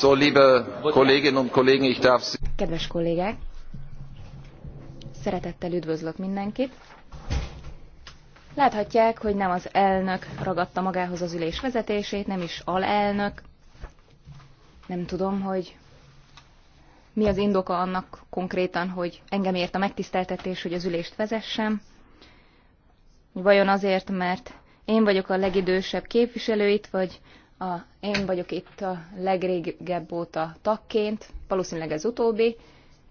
So, liebe Kolleginnen und Kollegen, ich darf Sie... Kedves kollégák, szeretettel üdvözlök mindenkit. Láthatják, hogy nem az elnök ragadta magához az ülés vezetését, nem is alelnök. Nem tudom, hogy mi az indoka annak konkrétan, hogy engem ért a megtiszteltetés, hogy az ülést vezessem. Vajon azért, mert én vagyok a legidősebb képviselő itt, vagy a, én vagyok itt a legrégebb óta tagként, valószínűleg ez utóbbi,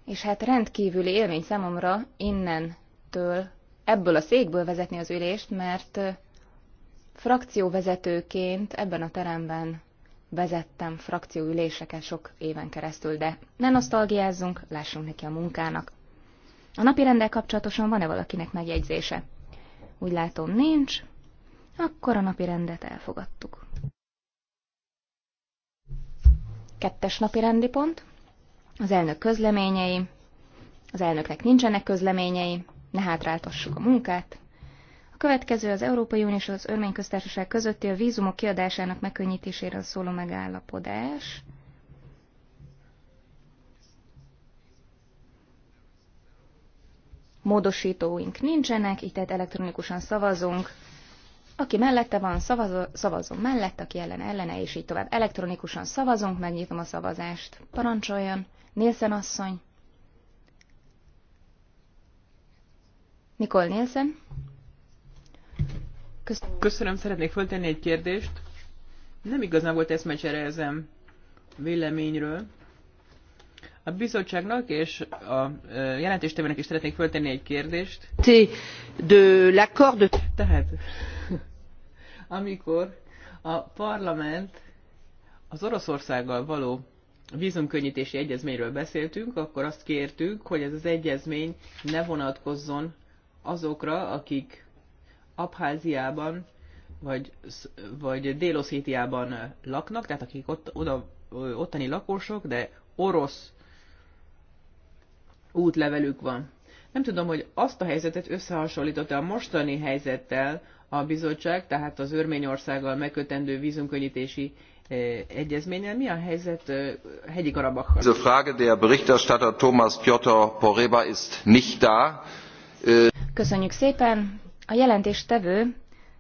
és hát rendkívüli élmény számomra innentől, ebből a székből vezetni az ülést, mert frakcióvezetőként ebben a teremben vezettem frakcióüléseket sok éven keresztül, de ne nosztalgiázzunk, lássunk neki a munkának. A napi rendel kapcsolatosan van-e valakinek megjegyzése? Úgy látom, nincs. Akkor a napi rendet elfogadtuk. Kettes napi rendi pont. Az elnök közleményei. Az elnöknek nincsenek közleményei. Ne hátráltassuk a munkát. A következő az Európai Unió és az Örmény Köztársaság közötti a vízumok kiadásának megkönnyítésére szóló megállapodás. Módosítóink nincsenek, így tehát elektronikusan szavazunk aki mellette van, szavazo- szavazom mellett, aki ellen ellene, és így tovább. Elektronikusan szavazunk, megnyitom a szavazást. Parancsoljon, Nielsen asszony. Nikol Nielsen. Köszönöm. Köszönöm, szeretnék föltenni egy kérdést. Nem igazán volt eszmecsere ezen véleményről. A bizottságnak és a e, jelentéstevőnek is szeretnék föltenni egy kérdést. De l'accord de... Tehát amikor a parlament az Oroszországgal való vízumkönnyítési egyezményről beszéltünk, akkor azt kértük, hogy ez az egyezmény ne vonatkozzon azokra, akik Abháziában vagy, vagy Déloszétiában laknak, tehát akik ott, oda, ottani lakosok, de orosz útlevelük van. Nem tudom, hogy azt a helyzetet összehasonlította a mostani helyzettel, a bizottság, tehát az Örményországgal megkötendő vízumkönnyítési eh, egyezménnyel. Mi a helyzet eh, hegyi Karabakkal? Diese Frage der Berichterstatter Thomas Piotr Poreba ist nicht da. Äh, Köszönjük szépen. A jelentéstevő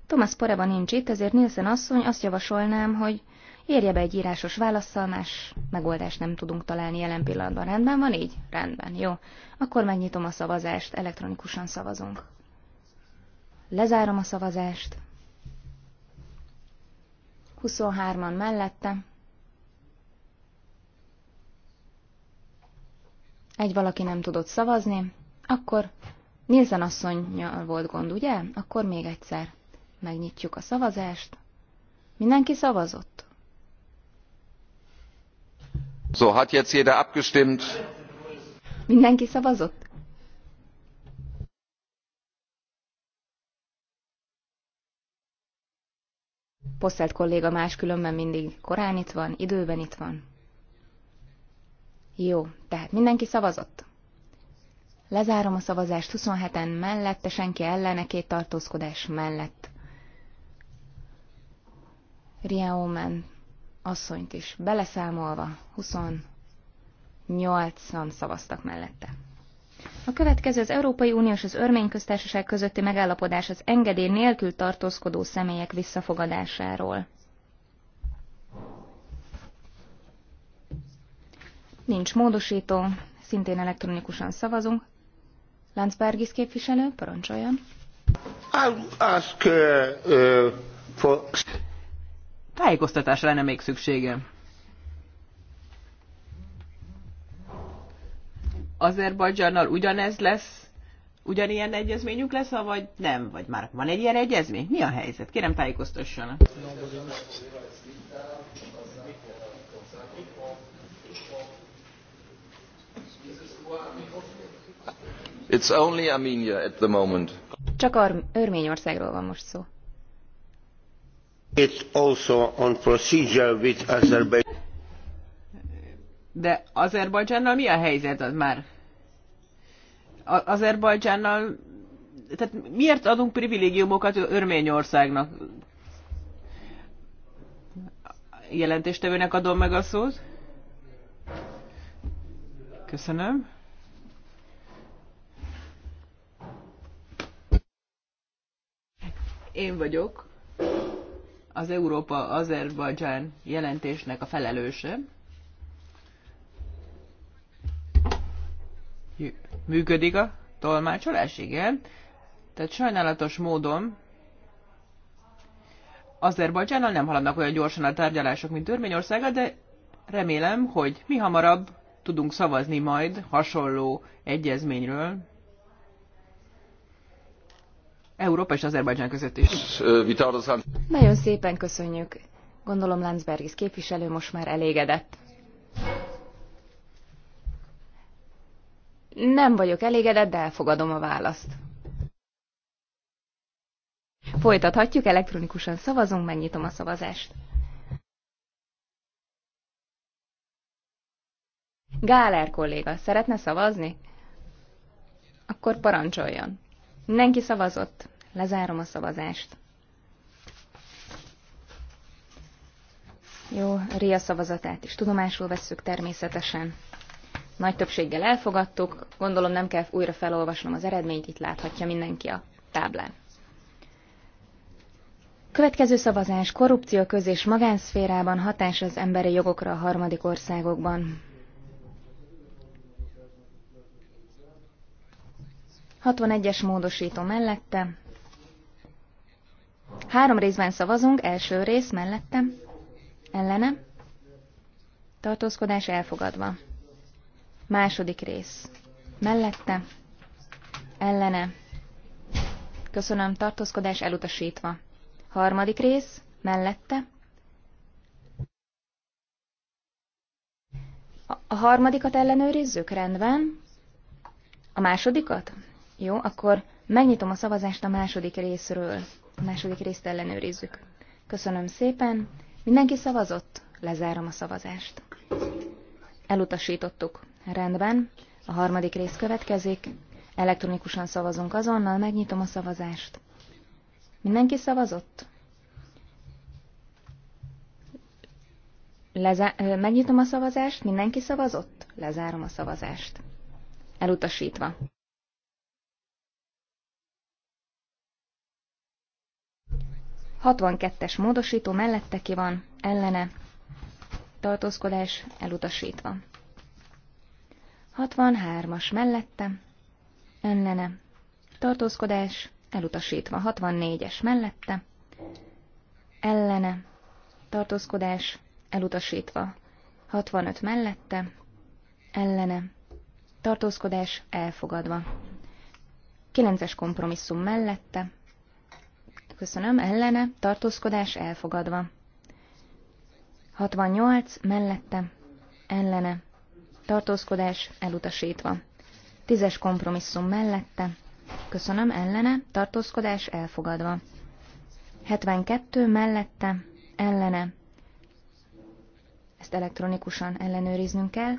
Thomas Poreba nincs itt, ezért Nielsen asszony azt javasolnám, hogy Érje be egy írásos válaszsal, más megoldást nem tudunk találni jelen pillanatban. Rendben van így? Rendben, jó. Akkor megnyitom a szavazást, elektronikusan szavazunk. Lezárom a szavazást. 23-an mellette. Egy valaki nem tudott szavazni, akkor Nielsen asszonynyal volt gond, ugye? Akkor még egyszer megnyitjuk a szavazást. Mindenki szavazott. So, hat jetzt jeder abgestimmt? Mindenki szavazott? Poszelt kolléga máskülönben mindig korán itt van, időben itt van. Jó, tehát mindenki szavazott. Lezárom a szavazást 27-en mellette, senki ellene, két tartózkodás mellett. Riaomen asszonyt is beleszámolva 28-an szavaztak mellette. A következő az Európai Unió és az Örmény Köztársaság közötti megállapodás az engedély nélkül tartózkodó személyek visszafogadásáról. Nincs módosító, szintén elektronikusan szavazunk. Láncbergis képviselő, parancsoljon. Ask, uh, uh, for... Tájékoztatásra lenne még szüksége. Azerbajdzsánnal ugyanez lesz, ugyanilyen egyezményük lesz, vagy nem? Vagy már van egy ilyen egyezmény? Mi a helyzet? Kérem tájékoztassanak. It's only Armenia at the moment. Csak Ar- Örményországról van most szó. It's also on procedure with Azerbaijan. De Azerbajdzsánnal mi a helyzet az már? Azerbajdzsánnal, tehát miért adunk privilégiumokat Örményországnak? Jelentéstevőnek adom meg a szót. Köszönöm. Én vagyok az Európa-Azerbajdzsán jelentésnek a felelőse. Működik a tolmácsolás? Igen. Tehát sajnálatos módon Azerbajdzsánnal nem haladnak olyan gyorsan a tárgyalások, mint Törvényországa, de remélem, hogy mi hamarabb tudunk szavazni majd hasonló egyezményről. Európa és Azerbajdzsán között is. Nagyon szépen köszönjük. Gondolom Landsbergis képviselő most már elégedett. Nem vagyok elégedett, de elfogadom a választ. Folytathatjuk, elektronikusan szavazunk, megnyitom a szavazást. Gáler kolléga, szeretne szavazni? Akkor parancsoljon. Mindenki szavazott. Lezárom a szavazást. Jó, Ria szavazatát is tudomásul vesszük természetesen nagy többséggel elfogadtuk, gondolom nem kell újra felolvasnom az eredményt, itt láthatja mindenki a táblán. Következő szavazás korrupció köz- és magánszférában hatás az emberi jogokra a harmadik országokban. 61-es módosító mellette. Három részben szavazunk, első rész mellettem. Ellene. Tartózkodás elfogadva. Második rész. Mellette. Ellene. Köszönöm, tartózkodás elutasítva. Harmadik rész. Mellette. A harmadikat ellenőrizzük? Rendben. A másodikat? Jó, akkor megnyitom a szavazást a második részről. A második részt ellenőrizzük. Köszönöm szépen. Mindenki szavazott? Lezárom a szavazást. Elutasítottuk. Rendben. A harmadik rész következik. Elektronikusan szavazunk azonnal, megnyitom a szavazást. Mindenki szavazott? Leza megnyitom a szavazást, mindenki szavazott? Lezárom a szavazást. Elutasítva. Hatvankettes módosító mellette ki van, ellene, tartózkodás elutasítva. 63-as mellette, ellene, tartózkodás, elutasítva 64-es mellette, ellene, tartózkodás, elutasítva 65 mellette, ellene, tartózkodás, elfogadva. 9-es kompromisszum mellette, köszönöm, ellene, tartózkodás, elfogadva. 68 mellette, ellene, tartózkodás elutasítva. Tízes kompromisszum mellette, köszönöm ellene, tartózkodás elfogadva. 72 mellette, ellene. Ezt elektronikusan ellenőriznünk kell.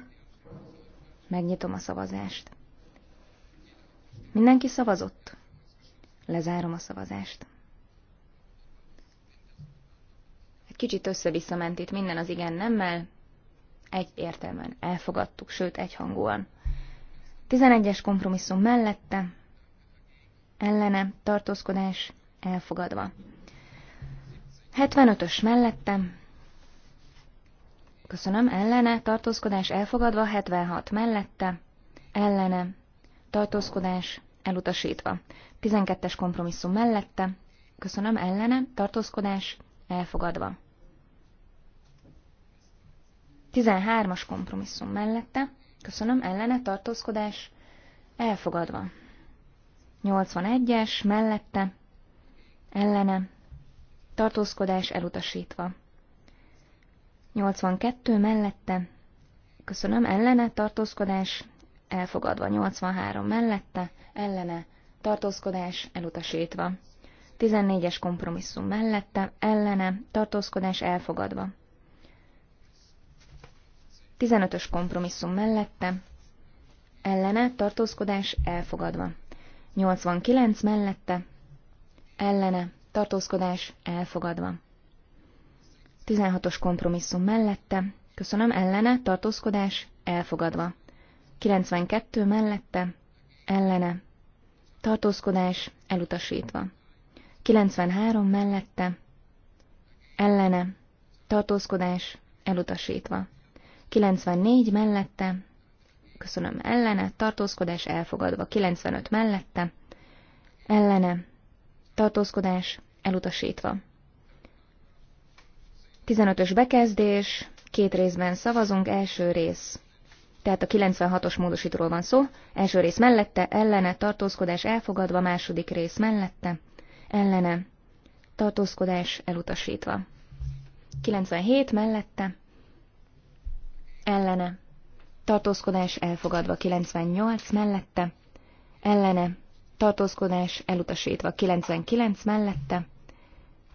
Megnyitom a szavazást. Mindenki szavazott? Lezárom a szavazást. Egy kicsit össze-vissza ment itt minden az igen-nemmel, egyértelműen elfogadtuk, sőt egyhangúan. 11-es kompromisszum mellette, ellene tartózkodás elfogadva. 75-ös mellette, köszönöm, ellene tartózkodás elfogadva, 76 mellette, ellene tartózkodás elutasítva. 12-es kompromisszum mellette, köszönöm, ellene tartózkodás elfogadva. 13-as kompromisszum mellette, köszönöm, ellene tartózkodás elfogadva. 81-es mellette, ellene tartózkodás elutasítva. 82 mellette, köszönöm, ellene tartózkodás elfogadva. 83 mellette, ellene tartózkodás elutasítva. 14-es kompromisszum mellette, ellene tartózkodás elfogadva. 15-ös kompromisszum mellette, ellene tartózkodás elfogadva. 89 mellette, ellene tartózkodás elfogadva. 16-os kompromisszum mellette, köszönöm ellene tartózkodás elfogadva. 92 mellette, ellene tartózkodás elutasítva. 93 mellette, ellene tartózkodás elutasítva. 94 mellette, köszönöm ellene, tartózkodás elfogadva, 95 mellette, ellene, tartózkodás elutasítva. 15-ös bekezdés, két részben szavazunk, első rész. Tehát a 96-os módosítóról van szó, első rész mellette, ellene, tartózkodás elfogadva, második rész mellette, ellene, tartózkodás elutasítva. 97 mellette, ellene, tartózkodás elfogadva 98 mellette, ellene, tartózkodás elutasítva 99 mellette,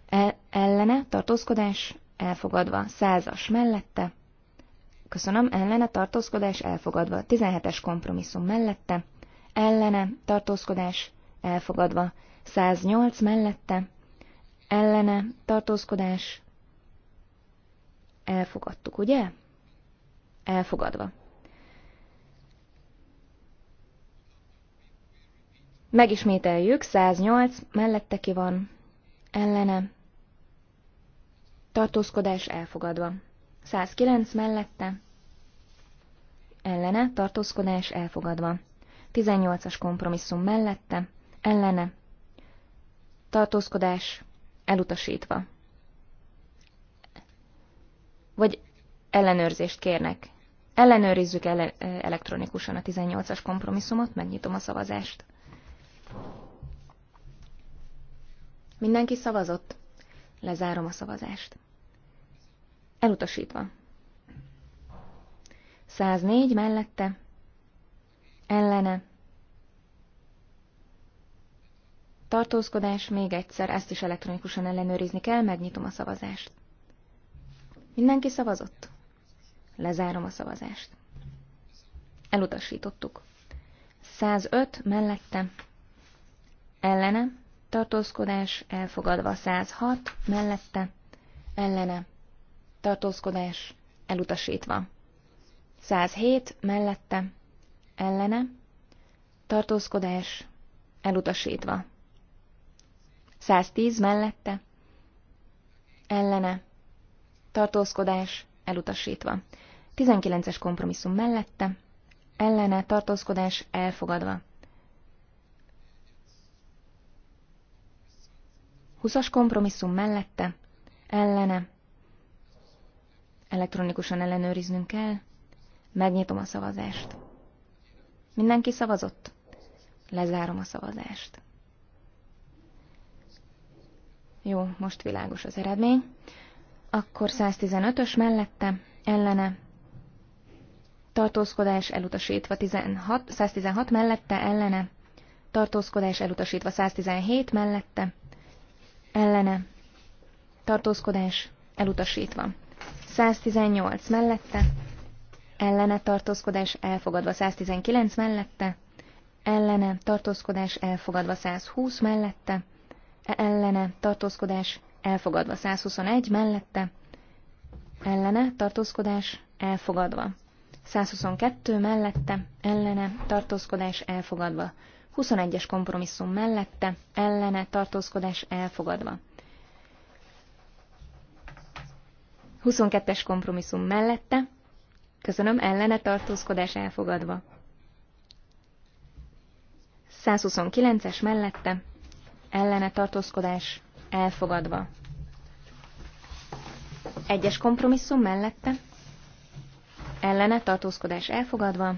el, ellene, tartózkodás elfogadva 100-as mellette, köszönöm, ellene, tartózkodás elfogadva 17-es kompromisszum mellette, ellene, tartózkodás elfogadva 108 mellette, ellene, tartózkodás elfogadtuk, ugye? elfogadva. Megismételjük, 108 mellette ki van, ellene, tartózkodás elfogadva. 109 mellette, ellene, tartózkodás elfogadva. 18-as kompromisszum mellette, ellene, tartózkodás elutasítva. Vagy ellenőrzést kérnek. Ellenőrizzük ele- elektronikusan a 18-as kompromisszumot, megnyitom a szavazást. Mindenki szavazott? Lezárom a szavazást. Elutasítva. 104 mellette. Ellene. Tartózkodás még egyszer, ezt is elektronikusan ellenőrizni kell, megnyitom a szavazást. Mindenki szavazott? Lezárom a szavazást. Elutasítottuk. 105 mellette. Ellene. Tartózkodás elfogadva. 106 mellette. Ellene. Tartózkodás elutasítva. 107 mellette. Ellene. Tartózkodás elutasítva. 110 mellette. Ellene. Tartózkodás elutasítva. 19-es kompromisszum mellette, ellene tartózkodás elfogadva. 20-as kompromisszum mellette, ellene, elektronikusan ellenőriznünk kell, megnyitom a szavazást. Mindenki szavazott? Lezárom a szavazást. Jó, most világos az eredmény. Akkor 115-ös mellette, ellene, tartózkodás elutasítva 16, 116 mellette, ellene, tartózkodás elutasítva 117 mellette, ellene, tartózkodás elutasítva 118 mellette, ellene tartózkodás elfogadva 119 mellette, ellene tartózkodás elfogadva 120 mellette, e, ellene tartózkodás elfogadva. 121 mellette, ellene, tartózkodás, elfogadva. 122 mellette, ellene, tartózkodás, elfogadva. 21-es kompromisszum mellette, ellene, tartózkodás, elfogadva. 22-es kompromisszum mellette, köszönöm, ellene, tartózkodás, elfogadva. 129-es mellette, ellene tartózkodás elfogadva. Egyes kompromisszum mellette, ellene tartózkodás elfogadva,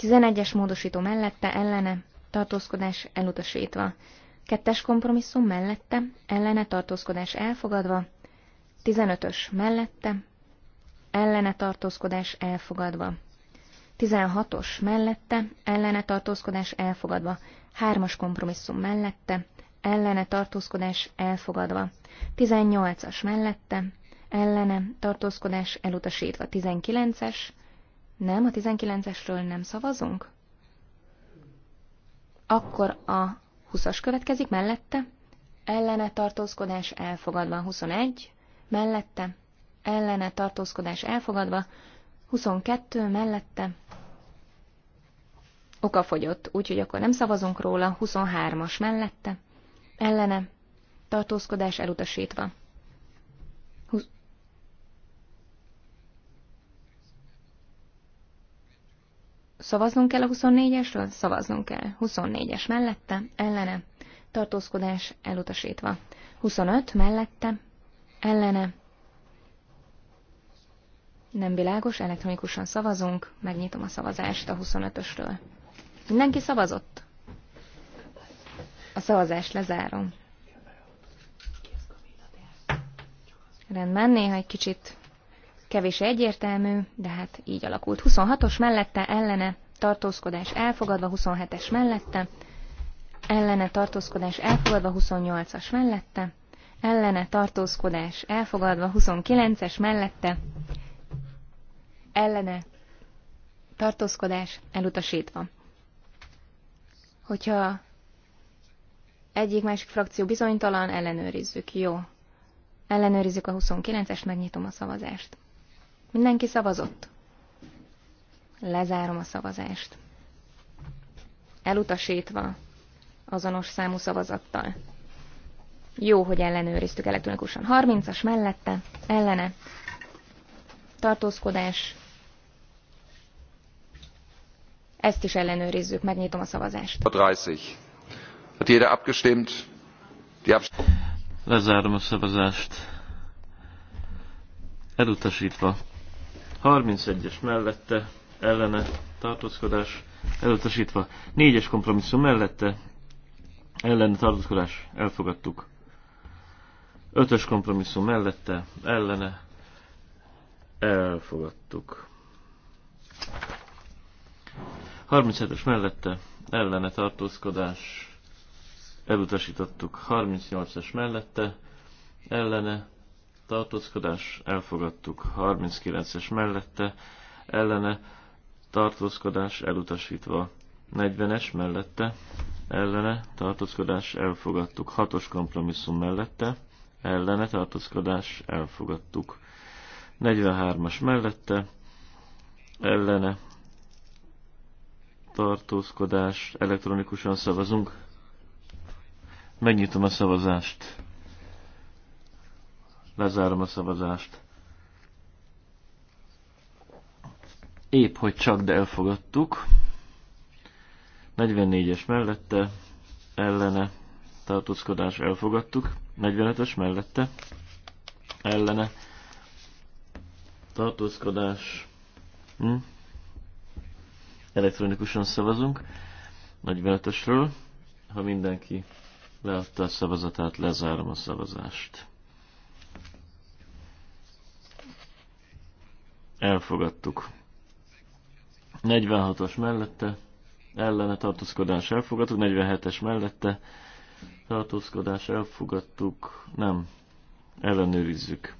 11-es módosító mellette, ellene tartózkodás elutasítva, kettes kompromisszum mellette, ellene tartózkodás elfogadva, 15-ös mellette, ellene tartózkodás elfogadva. 16-os mellette, ellene tartózkodás elfogadva, 3-as kompromisszum mellette, ellene tartózkodás elfogadva. 18-as mellette, ellene tartózkodás elutasítva. 19-es, nem, a 19-esről nem szavazunk? Akkor a 20-as következik mellette, ellene tartózkodás elfogadva. 21, mellette, ellene tartózkodás elfogadva. 22 mellette, Oka fogyott, úgyhogy akkor nem szavazunk róla, 23-as mellette, ellene, tartózkodás elutasítva. Szavaznunk kell a 24-esről? Szavaznunk kell. 24-es mellette, ellene, tartózkodás elutasítva. 25 mellette, ellene, nem világos, elektronikusan szavazunk, megnyitom a szavazást a 25-ösről. Mindenki szavazott? szavazást lezárom. Rendben, néha egy kicsit kevés egyértelmű, de hát így alakult. 26-os mellette ellene tartózkodás elfogadva, 27-es mellette, ellene tartózkodás elfogadva, 28-as mellette, ellene tartózkodás elfogadva, 29-es mellette, ellene tartózkodás elutasítva. Hogyha egyik másik frakció bizonytalan, ellenőrizzük. Jó. Ellenőrizzük a 29-est, megnyitom a szavazást. Mindenki szavazott. Lezárom a szavazást. Elutasítva azonos számú szavazattal. Jó, hogy ellenőriztük elektronikusan. 30-as mellette, ellene. Tartózkodás. Ezt is ellenőrizzük, megnyitom a szavazást. 30. Hat jeder abgestimmt? Die Abst Lezárom a szavazást. Elutasítva. 31-es mellette, ellene, tartózkodás, elutasítva. 4-es kompromisszum mellette, ellene, tartózkodás, elfogadtuk. 5-ös kompromisszum mellette, ellene, elfogadtuk. 37-es mellette, ellene tartózkodás, elutasítottuk 38-as mellette, ellene tartózkodás, elfogadtuk 39-es mellette, ellene tartózkodás elutasítva 40-es mellette, ellene tartózkodás elfogadtuk 6-os kompromisszum mellette, ellene tartózkodás elfogadtuk 43-as mellette, ellene tartózkodás elektronikusan szavazunk Megnyitom a szavazást. Lezárom a szavazást. Épp, hogy csak, de elfogadtuk. 44-es mellette, ellene, tartózkodás elfogadtuk. 45 es mellette, ellene, tartózkodás. Hm? Elektronikusan szavazunk. 45-ösről, ha mindenki leadta a szavazatát, lezárom a szavazást. Elfogadtuk. 46-os mellette, ellene tartózkodás elfogadtuk, 47-es mellette, tartózkodás elfogadtuk, nem, ellenőrizzük.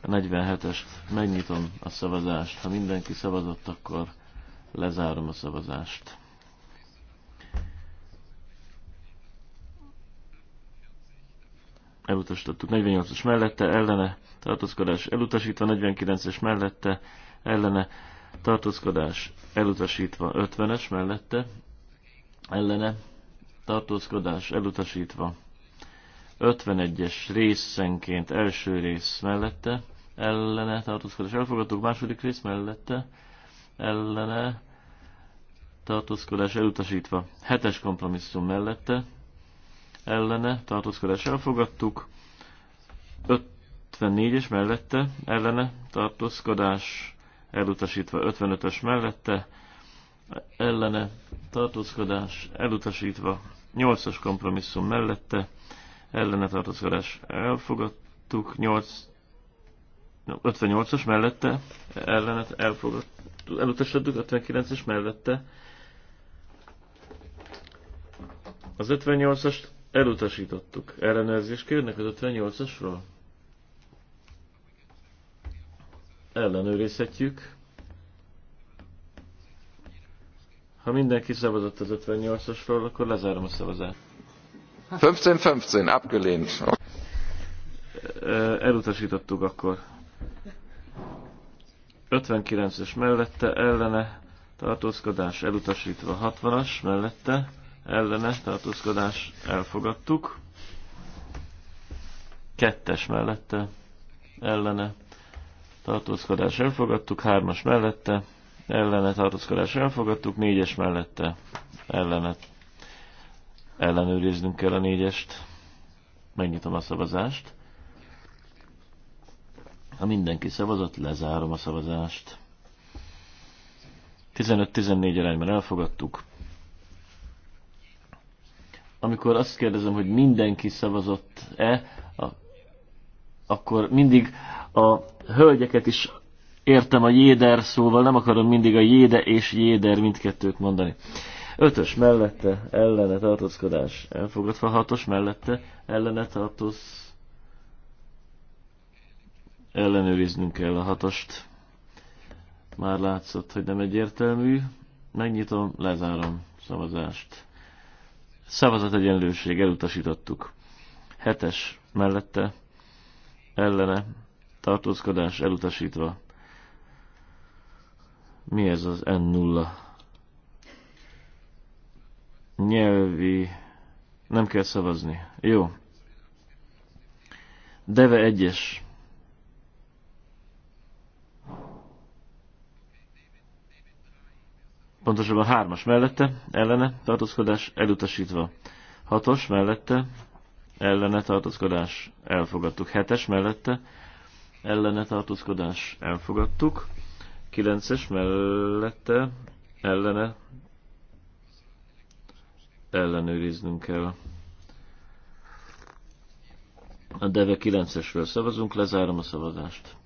A 47 es megnyitom a szavazást, ha mindenki szavazott, akkor lezárom a szavazást. elutasítottuk 48-as mellette, ellene tartózkodás elutasítva, 49-es mellette, ellene tartózkodás elutasítva, 50-es mellette, ellene tartózkodás elutasítva, 51-es részenként első rész mellette, ellene tartózkodás elfogadtuk, második rész mellette, ellene tartózkodás elutasítva, 7-es kompromisszum mellette, ellene tartózkodás elfogadtuk, 54-es mellette ellene tartózkodás elutasítva, 55-ös mellette ellene tartózkodás elutasítva, 8-as kompromisszum mellette ellene tartózkodás elfogadtuk, 8 58-as mellette ellenet elfogadtuk, elutasítottuk, 59-es mellette az 58-ast Elutasítottuk. Ellenőrzést kérnek az 58-asról? Ellenőrizhetjük. Ha mindenki szavazott az 58-asról, akkor lezárom a szavazást. 15-15, abgelehnt. Elutasítottuk akkor. 59-es mellette, ellene, tartózkodás elutasítva 60-as mellette ellene tartózkodás elfogadtuk. Kettes mellette ellene tartózkodás elfogadtuk. Hármas mellette ellene tartózkodás elfogadtuk. Négyes mellette ellene ellenőriznünk kell a négyest. Megnyitom a szavazást. Ha mindenki szavazott, lezárom a szavazást. 15-14 arányban elfogadtuk amikor azt kérdezem, hogy mindenki szavazott-e, akkor mindig a hölgyeket is értem a jéder szóval, nem akarom mindig a jéde és jéder mindkettőt mondani. Ötös mellette ellene tartózkodás elfogadva, hatos mellette ellene tartóz... Ellenőriznünk kell a hatost. Már látszott, hogy nem egyértelmű. Megnyitom, lezárom szavazást. Szavazategyenlőség, elutasítottuk. Hetes mellette, ellene, tartózkodás elutasítva. Mi ez az N0? Nyelvi... Nem kell szavazni. Jó. Deve egyes. pontosabban hármas mellette, ellene tartózkodás elutasítva. Hatos mellette, ellene tartózkodás elfogadtuk. Hetes mellette, ellene tartózkodás elfogadtuk. Kilences mellette, ellene ellenőriznünk kell. A DEVE kilencesről szavazunk, lezárom a szavazást.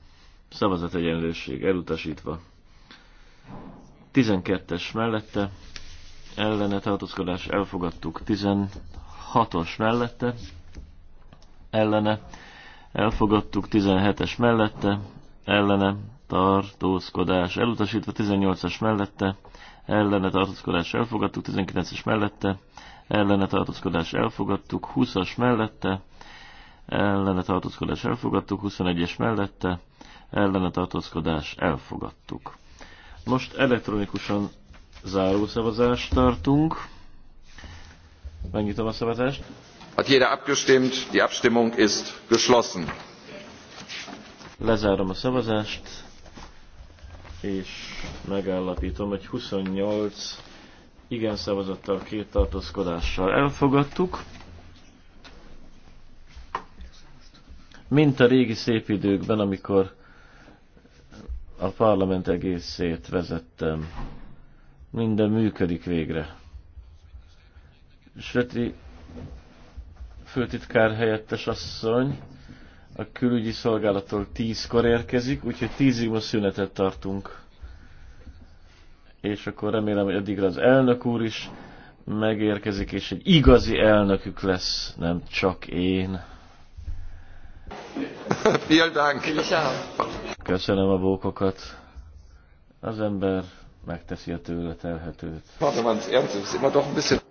Szavazat egyenlőség elutasítva. 12-es mellette ellene tartózkodás elfogadtuk. 16-os mellette ellene elfogadtuk. 17-es mellette ellene tartózkodás elutasítva. 18-as mellette ellene tartózkodás elfogadtuk. 19-es mellette ellene tartózkodás elfogadtuk. 20-as mellette ellene tartózkodás elfogadtuk. 21-es mellette ellene tartózkodás elfogadtuk. Most elektronikusan záró szavazást tartunk. Megnyitom a szavazást. Hat jeder abgestimmt, die Abstimmung ist geschlossen. Lezárom a szavazást, és megállapítom, hogy 28 igen szavazattal, két tartózkodással elfogadtuk. Mint a régi szép időkben, amikor a parlament egészét vezettem. Minden működik végre. Sveti főtitkár helyettes asszony a külügyi szolgálattól tízkor érkezik, úgyhogy tízig most szünetet tartunk. És akkor remélem, hogy addigra az elnök úr is megérkezik, és egy igazi elnökük lesz, nem csak én. Vielen Dank. Köszönöm a bókokat. Az ember megteszi a tőle telhetőt. Warte mal, ernst, ist immer doch ein bisschen